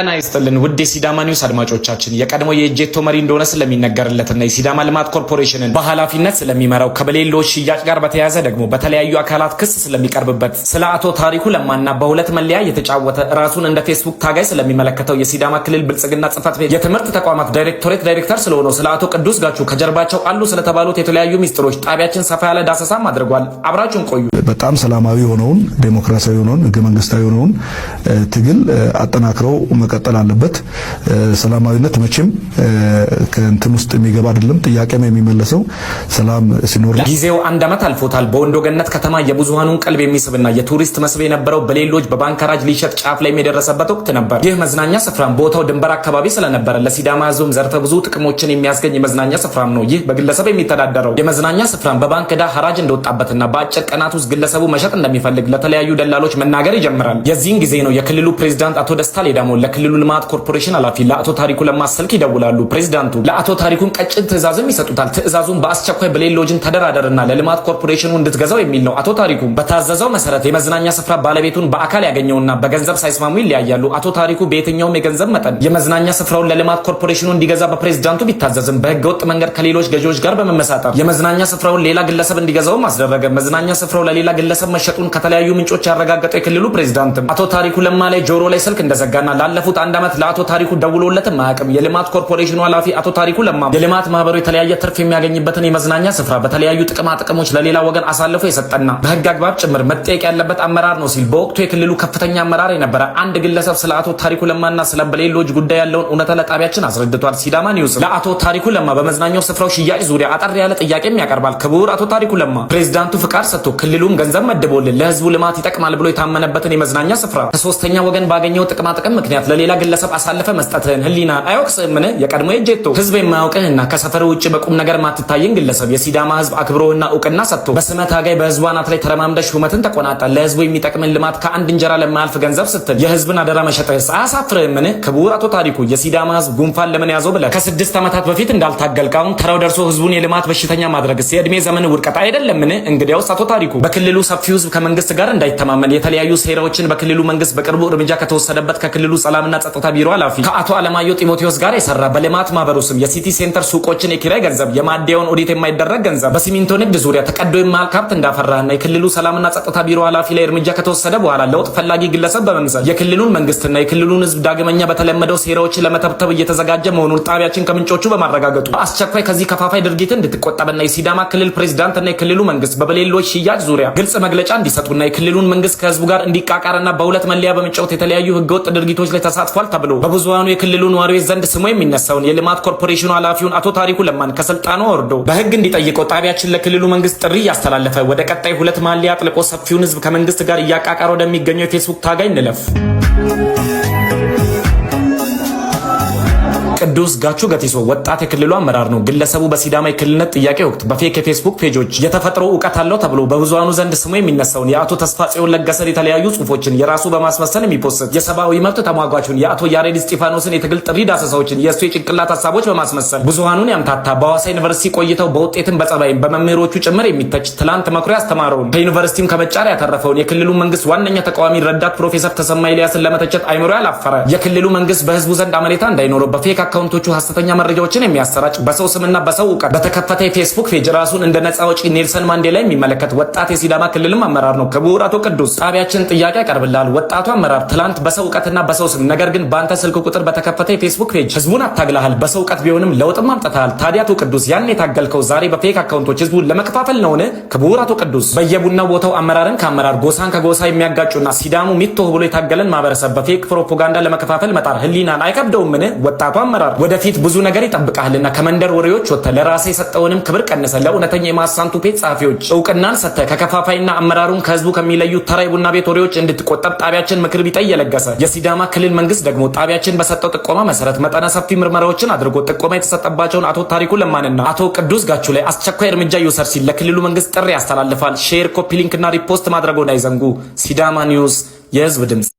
ጤና ይስጥልን ውድ የሲዳማ ኒውስ አድማጮቻችን፣ የቀድሞ የኤጄቶ መሪ እንደሆነ ስለሚነገርለትና የሲዳማ ልማት ኮርፖሬሽንን በኃላፊነት ስለሚመራው ከበሌሎች ሽያጭ ጋር በተያያዘ ደግሞ በተለያዩ አካላት ክስ ስለሚቀርብበት ስለ አቶ ታሪኩ ለማና በሁለት መለያ የተጫወተ ራሱን እንደ ፌስቡክ ታጋይ ስለሚመለከተው የሲዳማ ክልል ብልጽግና ጽፈት ቤት የትምህርት ተቋማት ዳይሬክቶሬት ዳይሬክተር ስለሆነው ስለ አቶ ቅዱስ ጋቹ ከጀርባቸው አሉ ስለተባሉት የተለያዩ ሚስጥሮች ጣቢያችን ሰፋ ያለ ዳሰሳም አድርጓል። አብራችሁን ቆዩ። በጣም ሰላማዊ የሆነውን ዴሞክራሲያዊ የሆነውን ህገ መንግስታዊ የሆነውን ትግል አጠናክረው መቀጠል አለበት። ሰላማዊነት መቼም ከእንትን ውስጥ የሚገባ አይደለም። ጥያቄም የሚመለሰው ሰላም ሲኖር። ጊዜው አንድ ዓመት አልፎታል። በወንዶ ገነት ከተማ የብዙሃኑን ቀልብ የሚስብና የቱሪስት መስህብ የነበረው በሌሎች በባንከራጅ ሊሸጥ ጫፍ ላይ የደረሰበት ወቅት ነበር። ይህ መዝናኛ ስፍራም ቦታው ድንበር አካባቢ ስለነበረ ለሲዳማ ሕዝብም ዘርፈ ብዙ ጥቅሞችን የሚያስገኝ የመዝናኛ ስፍራም ነው። ይህ በግለሰብ የሚተዳደረው የመዝናኛ ስፍራም በባንክ ዕዳ ሐራጅ እንደወጣበትና በአጭር ቀናት ውስጥ ግለሰቡ መሸጥ እንደሚፈልግ ለተለያዩ ደላሎች መናገር ይጀምራል። የዚህን ጊዜ ነው የክልሉ ፕሬዚዳንት አቶ ደስታ ሌዳሞ የክልሉ ልማት ኮርፖሬሽን ኃላፊ ለአቶ ታሪኩ ለማ ስልክ ይደውላሉ። ፕሬዚዳንቱ ለአቶ ታሪኩን ቀጭን ትእዛዝም ይሰጡታል። ትእዛዙን በአስቸኳይ በሌል ሎጅን ተደራደርና ለልማት ኮርፖሬሽኑ እንድትገዛው የሚል ነው። አቶ ታሪኩ በታዘዘው መሰረት የመዝናኛ ስፍራ ባለቤቱን በአካል ያገኘውና በገንዘብ ሳይስማሙ ይለያያሉ። አቶ ታሪኩ በየትኛውም የገንዘብ መጠን የመዝናኛ ስፍራውን ለልማት ኮርፖሬሽኑ እንዲገዛ በፕሬዚዳንቱ ቢታዘዝም በህገ ወጥ መንገድ ከሌሎች ገዢዎች ጋር በመመሳጠር የመዝናኛ ስፍራውን ሌላ ግለሰብ እንዲገዛውም አስደረገ። መዝናኛ ስፍራው ለሌላ ግለሰብ መሸጡን ከተለያዩ ምንጮች ያረጋገጠው የክልሉ ፕሬዚዳንትም አቶ ታሪኩ ለማ ላይ ጆሮ ላይ ስልክ እንደዘጋና ላለፉ ባለፉት አንድ ዓመት ለአቶ ታሪኩ ደውሎለትም አያውቅም። የልማት ኮርፖሬሽኑ ኃላፊ አቶ ታሪኩ ለማ የልማት ማህበሩ የተለያየ ትርፍ የሚያገኝበትን የመዝናኛ ስፍራ በተለያዩ ጥቅማ ጥቅሞች ለሌላ ወገን አሳልፎ የሰጠና በህግ አግባብ ጭምር መጠየቅ ያለበት አመራር ነው ሲል በወቅቱ የክልሉ ከፍተኛ አመራር የነበረ አንድ ግለሰብ ስለ አቶ ታሪኩ ለማና ስለ በሌሎች ጉዳይ ያለውን እውነታ ለጣቢያችን አስረድቷል። ሲዳማ ኒውስ ለአቶ ታሪኩ ለማ በመዝናኛው ስፍራው ሽያጭ ዙሪያ አጠር ያለ ጥያቄም ያቀርባል። ክቡር አቶ ታሪኩ ለማ ፕሬዚዳንቱ ፍቃድ ሰጥቶ ክልሉም ገንዘብ መድቦልን ለህዝቡ ልማት ይጠቅማል ብሎ የታመነበትን የመዝናኛ ስፍራ ከሶስተኛ ወገን ባገኘው ጥቅማ ጥቅም ምክንያት ለሌላ ግለሰብ አሳልፈ መስጠትህን ህሊና አይወቅስ? ምን የቀድሞ የጄቶ ህዝብ የማያውቅህና ከሰፈር ውጭ በቁም ነገር ማትታየን ግለሰብ የሲዳማ ህዝብ አክብሮህና እውቅና ሰጥቶ በስመ ታጋይ በህዝቡ አናት ላይ ተረማምደ ሹመትን ተቆናጠ ለህዝቡ የሚጠቅምን ልማት ከአንድ እንጀራ ለማያልፍ ገንዘብ ስትል የህዝብን አደራ መሸጥህስ አያሳፍርህም? ምን ክቡር አቶ ታሪኩ የሲዳማ ህዝብ ጉንፋን ለምን ያዘው ብለህ ከስድስት ዓመታት በፊት እንዳልታገልክ አሁን ተራው ደርሶ ህዝቡን የልማት በሽተኛ ማድረግስ የእድሜ ዘመን ውድቀት ምን እንግዲያውስ አቶ ታሪኩ በክልሉ ሰፊው ህዝብ ከመንግስት ጋር እንዳይተማመን የተለያዩ ሴራዎችን በክልሉ መንግስት በቅርቡ እርምጃ ከተወሰደበት ከክልሉ ሰላም ሰላምና ጸጥታ ቢሮ ኃላፊ ከአቶ አለማየሁ ጢሞቴዎስ ጋር የሰራ በልማት ማህበሩ ስም የሲቲ ሴንተር ሱቆችን የኪራይ ገንዘብ፣ የማደያውን ኦዲት የማይደረግ ገንዘብ፣ በሲሚንቶ ንግድ ዙሪያ ተቀዶ የማያልቅ ሀብት እንዳፈራና የክልሉ ሰላምና ጸጥታ ቢሮ ኃላፊ ላይ እርምጃ ከተወሰደ በኋላ ለውጥ ፈላጊ ግለሰብ በመምሰል የክልሉን መንግስትና የክልሉን ህዝብ ዳግመኛ በተለመደው ሴራዎችን ለመተብተብ እየተዘጋጀ መሆኑን ጣቢያችን ከምንጮቹ በማረጋገጡ በአስቸኳይ ከዚህ ከፋፋይ ድርጊት እንድትቆጠብና የሲዳማ ክልል ፕሬዚዳንትና የክልሉ መንግስት በበሌሎች ሽያጭ ዙሪያ ግልጽ መግለጫ እንዲሰጡና የክልሉን መንግስት ከህዝቡ ጋር እንዲቃቃርና በሁለት መለያ በመጫወት የተለያዩ ህገወጥ ድርጊቶች ላይ ተሳትፏል ተብሎ በብዙሃኑ የክልሉ ነዋሪዎች ዘንድ ስሙ የሚነሳውን የልማት ኮርፖሬሽኑ ኃላፊውን አቶ ታሪኩ ለማን ከስልጣኑ ወርዶ በህግ እንዲጠይቀው ጣቢያችን ለክልሉ መንግስት ጥሪ እያስተላለፈ ወደ ቀጣይ ሁለት ማሊያ አጥልቆ ሰፊውን ህዝብ ከመንግስት ጋር እያቃቀረ ወደሚገኘው የፌስቡክ ታጋይ እንለፍ። ቅዱስ ጋቹ ገቲሶ ወጣት የክልሉ አመራር ነው። ግለሰቡ በሲዳማ የክልልነት ጥያቄ ወቅት በፌክ የፌስቡክ ፔጆች የተፈጥሮ እውቀት አለው ተብሎ በብዙሃኑ ዘንድ ስሙ የሚነሳውን የአቶ ተስፋ ጽዮን ለገሰን የተለያዩ ጽሁፎችን የራሱ በማስመሰል የሚፖስት የሰብአዊ መብት ተሟጓቹን የአቶ ያሬድ እስጢፋኖስን የትግል ጥሪ ዳሰሳዎችን የእሱ የጭንቅላት ሀሳቦች በማስመሰል ብዙሃኑን ያምታታ በሐዋሳ ዩኒቨርሲቲ ቆይተው በውጤትም በጸባይም በመምህሮቹ ጭምር የሚተች ትላንት መኩሪያ ያስተማረውን ከዩኒቨርሲቲም ከመጫር ያተረፈውን የክልሉ መንግስት ዋነኛ ተቃዋሚ ረዳት ፕሮፌሰር ተሰማ ኤልያስን ለመተቸት አይምሮ ያላፈረ የክልሉ መንግስት በህዝቡ ዘንድ አመኔታ እንዳይኖረው በፌክ አካውንት አካውንቶቹ ሀሰተኛ መረጃዎችን የሚያሰራጭ በሰው ስምና በሰው እውቀት በተከፈተ የፌስቡክ ፔጅ ራሱን እንደ ነጻ አውጪ ኔልሰን ማንዴላ የሚመለከት ወጣት የሲዳማ ክልልም አመራር ነው። ክቡር አቶ ቅዱስ ጣቢያችን ጥያቄ ያቀርብላል። ወጣቱ አመራር ትላንት በሰው እውቀትና በሰው ስም ነገር ግን በአንተ ስልክ ቁጥር በተከፈተ የፌስቡክ ፔጅ ህዝቡን አታግልሃል። በሰው እውቀት ቢሆንም ለውጥም አምጥተሃል። ታዲያ አቶ ቅዱስ ያን የታገልከው ዛሬ በፌክ አካውንቶች ህዝቡን ለመከፋፈል ነውን? ክቡር አቶ ቅዱስ በየቡና ቦታው አመራርን ከአመራር ጎሳን ከጎሳ የሚያጋጩና ሲዳሙ ሚቶ ብሎ የታገለን ማህበረሰብ በፌክ ፕሮፓጋንዳ ለመከፋፈል መጣር ህሊናን አይከብደውምን? ወጣቱ አመራር ወደፊት ብዙ ነገር ይጠብቃልና ከመንደር ወሬዎች ወጥተ ለራሴ የሰጠውንም ክብር ቀንሰ ለእውነተኛ የማሳንቱ ቤት ጸሐፊዎች እውቅናን ሰተ ከከፋፋይና አመራሩን ከህዝቡ ከሚለዩ ተራ ቡና ቤት ወሬዎች እንድትቆጠብ ጣቢያችን ምክር ቢጠይ የለገሰ የሲዳማ ክልል መንግስት ደግሞ ጣቢያችን በሰጠው ጥቆማ መሰረት መጠነ ሰፊ ምርመራዎችን አድርጎ ጥቆማ የተሰጠባቸውን አቶ ታሪኩ ለማንና አቶ ቅዱስ ጋቹ ላይ አስቸኳይ እርምጃ ይውሰድ ሲል ለክልሉ መንግስት ጥሪ ያስተላልፋል። ሼር፣ ኮፒ ሊንክና ሪፖስት ማድረጉን አይዘንጉ። ሲዳማ ኒውስ የህዝብ ድምጽ